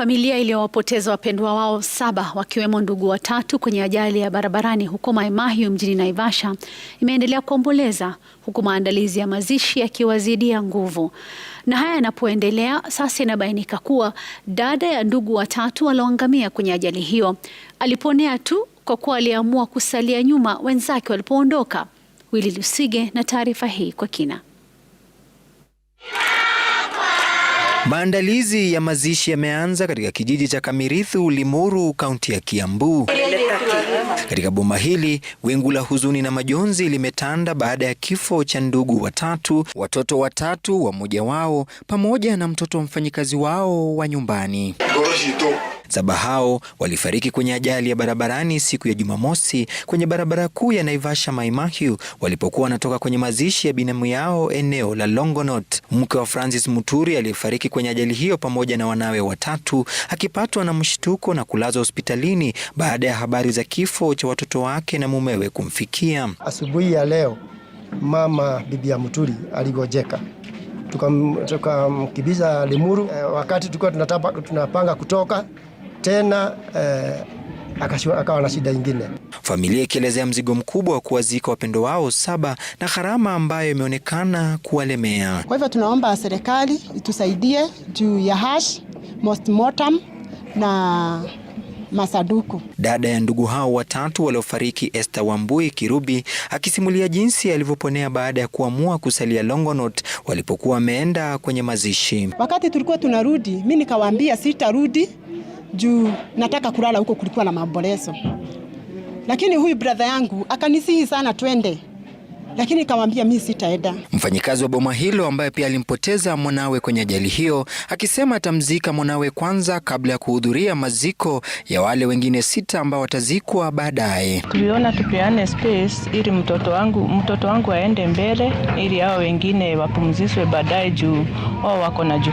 Familia iliyowapoteza wapendwa wao saba wakiwemo ndugu watatu kwenye ajali ya barabarani huko Maimahiu mjini Naivasha imeendelea kuomboleza huku maandalizi ya mazishi yakiwazidia nguvu. Na haya yanapoendelea, sasa inabainika kuwa dada ya ndugu watatu walioangamia kwenye ajali hiyo aliponea tu kwa kuwa aliamua kusalia nyuma wenzake walipoondoka. Willy Lusige na taarifa hii kwa kina. Maandalizi ya mazishi yameanza katika kijiji cha Kamirithu, Limuru, kaunti ya Kiambu. Katika boma hili, wingu la huzuni na majonzi limetanda baada ya kifo cha ndugu watatu, watoto watatu wa mmoja wao, pamoja na mtoto wa mfanyikazi wao wa nyumbani. Saba hao walifariki kwenye ajali ya barabarani siku ya Jumamosi kwenye barabara kuu ya Naivasha Maimahiu walipokuwa wanatoka kwenye mazishi ya binamu yao eneo la Longonot. Mke wa Francis Muturi aliyefariki kwenye ajali hiyo pamoja na wanawe watatu akipatwa na mshtuko na kulazwa hospitalini baada ya habari za kifo cha watoto wake na mumewe kumfikia. Asubuhi ya leo mama bibi ya Muturi aligojeka tukamkimbiza Limuru. E, wakati tulikuwa tunapanga kutoka tena eh, akawa na shida nyingine. Familia ikielezea mzigo mkubwa wa kuwazika wapendo wao saba na gharama ambayo imeonekana kuwalemea. Kwa hivyo tunaomba serikali itusaidie juu ya hash mortem na masaduku. Dada ya ndugu hao watatu waliofariki, Esther Wambui Kirubi, akisimulia jinsi alivyoponea baada ya kuamua kusalia Longonot walipokuwa wameenda kwenye mazishi. Wakati tulikuwa tunarudi, mimi nikawaambia sitarudi juu nataka kulala huko, kulikuwa na maboreso. Lakini huyu brother yangu akanisihi sana twende, lakini nikamwambia mimi sitaenda. Mfanyikazi wa boma hilo ambaye pia alimpoteza mwanawe kwenye ajali hiyo akisema atamzika mwanawe kwanza kabla ya kuhudhuria maziko ya wale wengine sita ambao watazikwa baadaye. Tuliona tupeane space ili mtoto wangu mtoto wangu aende mbele ili hao wengine wapumzishwe baadaye juu wao wako na